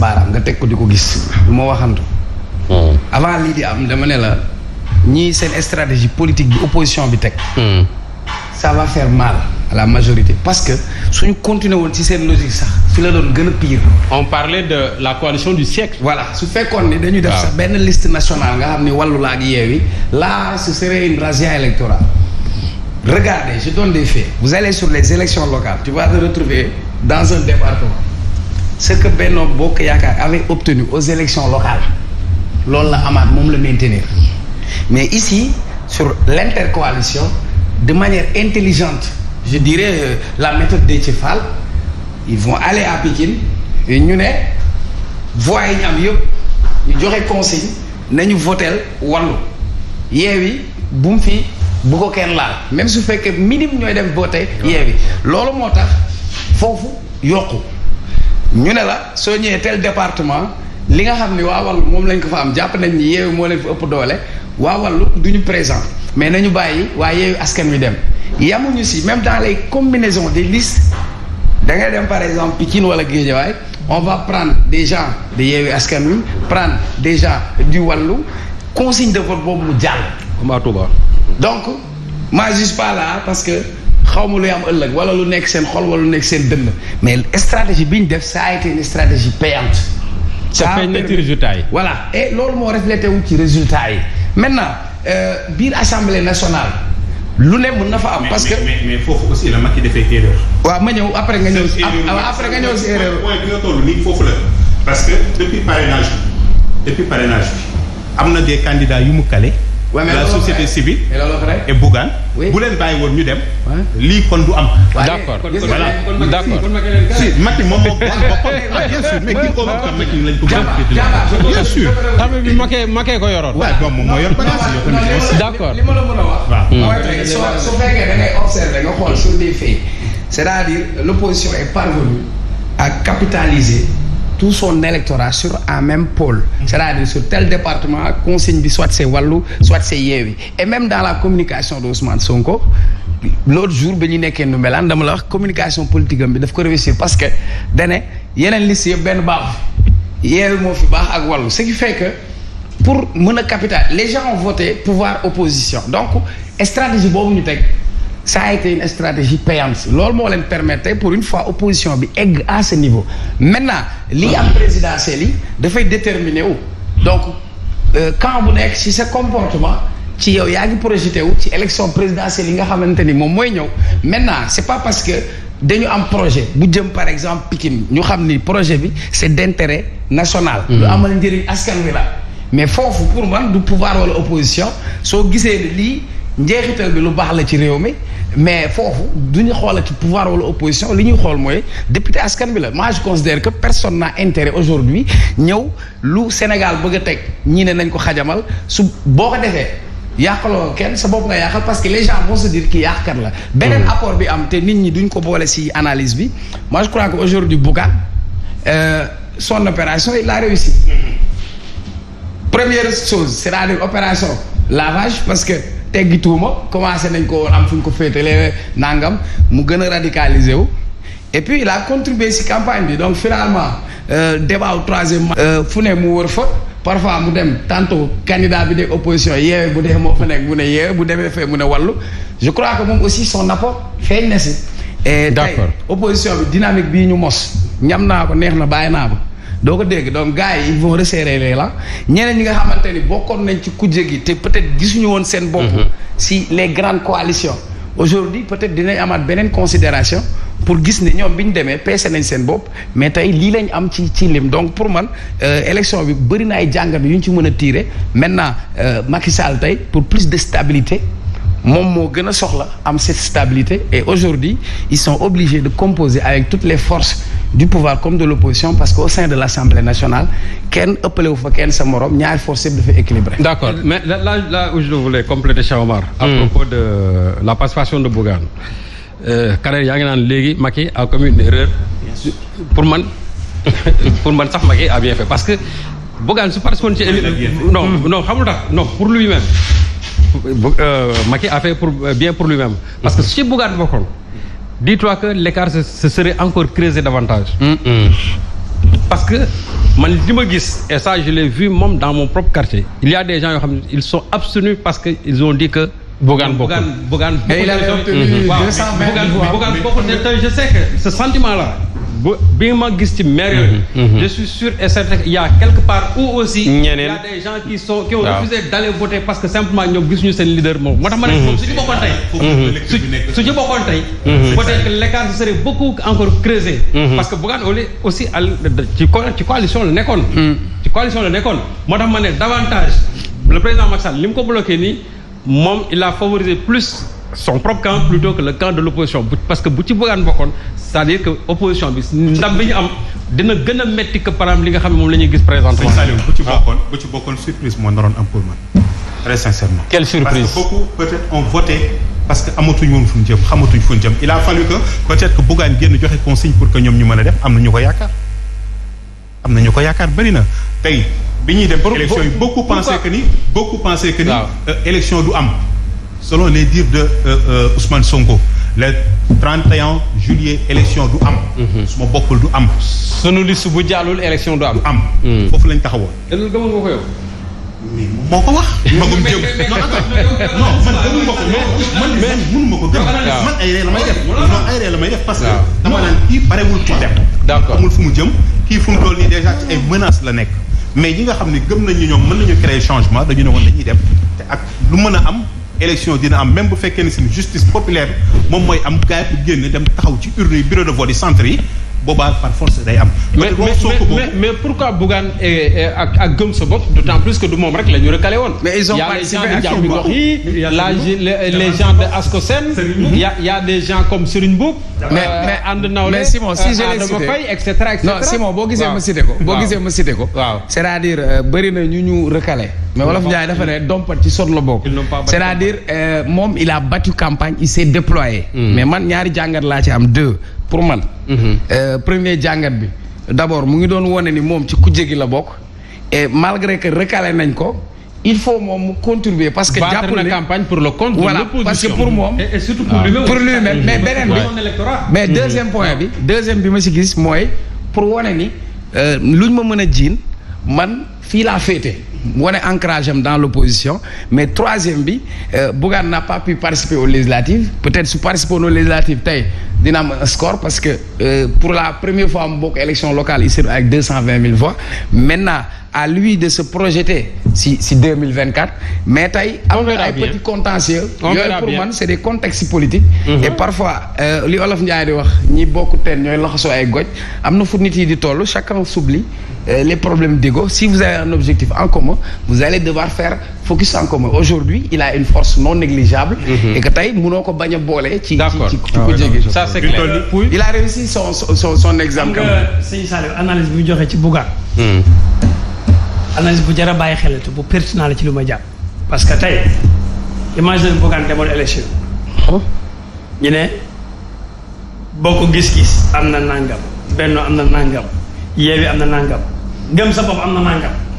baaraam nga teg ko di ko gis du ma waxantu hmm. avant lii di am dama ne la ñii seen stratégie politique bi opposition bi teg sa hmm. va faire mal la majorité parce que suñu continue woon ci seen logique sax fi la doon gën a pire on parle de la coalition du siècle voilà su fekkoon ni dañuy def sax benn liste national nga xam ni wàllu laa ak yeewi là ce serait une razzia électorale regardez je donne des faits vous allez sur les élections locales tu vas te retrouver ce que Benno Bokk Yaakaar avait obtenu aux élections locales loolu la amaat moom la maintenir mais ici sur l'intercoalition de manière intelligente je dirais euh, la méthode de Tchefal ils vont aller à Pikine ñu ne voix yi ñu am yëpp ñu joxe consigne nañu voteel wàllu yeewi bu mu fi bu ko kenn laal même su fekkee minimum ñooy dem voté yeewi loolu moo tax foofu yokku ñu ne la soo ñëwee tel département li nga xam ni waa wallu moom lañ ko fa am jàpp nañ ni yeewu moo leen fa ëpp doole waa wallu du ñu présent mais nañu bàyyi waaye yeewu askan wi dem yamuñu si même dans les combinaisons des listes da ngay dem par exemple Pikine wala Guédiawaye on va prendre des gens de yeewu askan wi prendre des gens du wàllu consigne de vote boobu mu jàll. comme donc moi je pas là parce que. xaw ma luy am ëllëg wala lu nekk seen xol wala lu nekk seen dënn mais stratégie bi ñu def sa a été une stratégie payante. ça feeñ ci résultat yi. voilà et loolu moo reflété ci résultat yi maintenant euh, biir assemblée nationale lu nekk mën na fa am. parce que mais foofu aussi la Macky defee erreur. waaw ma ñëw après nga ñëw si. après nga ñëw si erreur mooy bi nga toll nii la. parce que depuis parrainage bi am na des candidats yu mu Ouais, la société civile et Bougane bu leen bàyyi woon ñu dem lii kon du am d'accord voilà d'accord si Macky moom moom boppam bien sûr mais kii ko moom tam Macky lañ ko bien sûr tamit bi Macky Macky ko yoroon waaw bon moom moo yor bagage yo tamit aussi d'accord li ma la mën a wax waaw su fekkee da ngay observer nga xool sur des faits c'est-à-dire l'opposition est parvenue à capitaliser tout son électorat sur un même pôle cest à sur tel département consigne bi soit c'est Wallu soit c'est Yewwi et même dans la communication d'Ousmane Sonko l'autre jour ba ñu nekkee nu melaan dama la wax communication politique bi daf ko réussir parce que dane yeneen liste yëpp benn baax Yewwi moo fi baax ak Wallu ce qui fait que pour mën a capital les gens ont voté pouvoir opposition donc stratégie boobu ñu teg ça a été une stratégie payante loolu moo leen permettre pour une fois opposition bi egg à ce niveau maintenant lii am présidentielle yi dafay déterminer wu donc euh, camp bu nekk ci sa comportement ci yow yaa ngi projeté wu ci élection présidentielle yi nga xamante ni moom mooy ñëw maintenant c'est pas parce que dañu am projet bu jëm par exemple Pikine ñu xam ni projet bi c'est d'intérêt national mm-hmm. lu amal njëriñ askan wi la mais foofu pour man du pouvoir wala opposition soo gisee lii njeexital bi lu baax la ci réew mi mais foofu du ñu xoolati pouvoir wala opposition li ñuy xool mooy député askan bi la moi je considère que personne n'a intérêt aujourd'hui ñëw lu Sénégal bëgg a teg ñii ne nañ ko xajamal su boo ko defee yàqaloo kenn sa bopp nga yàqal parce que les gens vont se dire que yàqkat la hmm. beneen accord bi am te nit ñi duñ ko boole ci analyse bi moi je crois que aujourd'hui Bougane euh, son opération il l'a réussi hmm. première chose c'est-à-dire opération lavage teggituuma commencé nañ ko woon am fu ñu ko féetalee nangam mu gën a radicalisé wu et puis il a contribué campagne bi donc finalement euh, débat au troisième euh, fu ne mu wër fa parfois mu dem tantôt candidat bi de opposition yeewe bu dee moo fa nekk mu ne yeewe bu demee fee mu ne wàllu je crois que moom aussi son apport feeñ na si et d'accord opposition bi dynamique bii ñu mos ñam naa ko neex na bàyyi naa ko doo ko dégg donc gars yi ils vont resserrer la rangs ñeneen ñi nga xamante ni bokkoon nañ ci kujje gi te peut-être gisuñu woon seen bopp mhm. si les grandes coalitions aujourd'hui peut-être dinañ amaat beneen considération pour gis ne ñoom bi ñu demee peese nañ seen bopp mais tey lii lañ am ci ci lim donc pour man euh, élection bi bëri na ay jàngat yu ñu ci mën a tirer maintenant euh, Macky Sall tey pour plus de stabilité moom moo gën a soxla am cette stabilité et aujourd'hui ils sont obligés de composer avec toutes les forces du pouvoir comme de l'opposition parce que au sein de l'Assemblée nationale kenn ëppalewu fa kenn sa morom ñaari force yëpp dafa équilibré. d'accord mais là là où je voulais compléter Cheikh Omar. à hmm. propos de euh, la participation de Bougane. Euh, Kader yaa ngi naan léegi Macky a commune une pour man pour man sax Macky a bien fait parce que Bougane su participer ci non hmm. non xamul non pour lui-même euh, Macky a fait pour bien pour lui-même. parce que si Bougane bokkoon. dis-toi que l'écart se, se serait encore creusé davantage. Mm -hmm. parce que man li ma gis et ça je l'ai vu moom dans mon propre quartier. il y a des gens yoo xam ne ils sont abstenus parce que ils ont dit que. Bougane bokkul Bougane Bougane. il a obtenu 220 voix. Bougane Bougane bokkul je sais que ce sentiment là. ba bi ma gis ci maire mhm. je suis sûr et certain qu'il a quelque part où aussi. ñeneen il y a des gens qui sont qui ont refusé d'aller voter parce que simplement ñoom gisuñu seen leader moom. moo tax ma ne moom mhm. su ci bokkoon parce que Bougane au lieu aussi al ci coalition la nekkoon. Mhm. ci coalition la nekkoon moo tax ma ne davantage le président Macky li mu ko bloqué nii moom il a favorisé plus. son propre camp plutôt que le camp de l'opposition parce que bu ci bëggaan bokkoon cest à que opposition bi ndam bi ñu am dina gën a métti que li nga xam ne moom la ñuy gis présentement Saliou bu ci ah. bokkoon bu ci bokkoon surprise am pour man très sincèrement quelle surprise parce que beaucoup peut-être ont voté parce que amatuñ woon fu ñu jëm xamatuñ fu jëm il a fallu que peut que Bougane génn joxe consigne pour que ñoom ñu mën a def am na ñu ko yaakaar am na ñu ko yaakaar bëri na tey bi ñuy dem élection yi beaucoup pensaient que ni beaucoup pensaient que euh, du am selon les dires de euh, euh Ousmane Sonko le 31 juillet élection du am. Mhm. su ma bokkul du am. sunu liste bu jàllul élection du am. am mhm. foofu lañ taxawoon. yàlla ko yow. moo ko wax. magum jëm non non man ma ko gëm. man ay la may def. non ay la may def parce que. dama naan kii parewul ci dem. d'accord amul mu jëm kii fu mu toll nii déjà ci ay menaces la nekk. mais ñi nga xam ne gëm nañ ñu ñoom mën nañu créer changement dañu ne woon dañuy dem te ak lu mën a am. élection dina am même bu fekkee ne si justice populaire moom mooy am gars yi génn dem taxaw ci urne yi bureau de vote yi centre yi boobaa par force day am. mais mais mais pourquoi Bougane ak ak gëm sa du moom rek la ñu recalé woon. mais ils ont participé actuellement y' gens de Diambi Gox des gens comme Serigne Mboup. mais euh, mais ànd nawle mais Simon si euh, je l'ai cité et cetera et cetera non Simon boo gisee ma cité ko. boo ko. waaw c'est-à-dire euh, bëri na ñu ñu recalé. mais wolof Ndiaye dafa ne dompat ci sot la bokk c'est-à-dire euh, moom il a campagne il s'est déployé hmm. mais man ñaari jàngat laa ci am deux pour man hmm. euh, premier jàngat bi d'abord mu ngi doon wone ni moom ci kujje gi la bokk et malgré que recalé nañ ko il faut moom mu contribuer parce que jàpp na campagne pour le compte voilà, de l'opposition parce que pour moom et, ah. mais beneen bi mais hmm. deuxième point ah. bi deuxième bi ma si gis mooy pour wane ni euh, lu ñu ma mën a jiin man fii laa féete wane ancrage am dans l'opposition mais troisième bi euh, Bougane n'a pas pu participer aux législatives peut-être su participer aux législatives tey dina am score parce que euh, pour la première fois mu bokk élection locale ici avec deux cent vingt mille voix maintenant à lui de se projeter si mille vingt quatre mais tey am na ay petits contentieux yooyu pour man c'est des contextes politiques mm -hmm. et parfois euh, li olof Ndiaye di wax ñi bokk teen ñooy laxasoo ay goj am na fu nit yi di toll chacun s'oublie euh, les problèmes d'ego un objectif en commun vous force non négligeable mhm. et que tey ko a boole ci ci ah ko jege ça c'est clair il son son son exemple quand même joxee ci Bougar hmm. analyse bu jar a bàyyi xel bu pertinent la ci lu ma jàpp parce que tey imagine Bougane demoon élection oh. ñu ne bokk gis-gis am na nàngam benno am na nàngam yeewi am na nàngam gëm sa am na nàngam